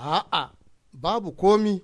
a'a babu komi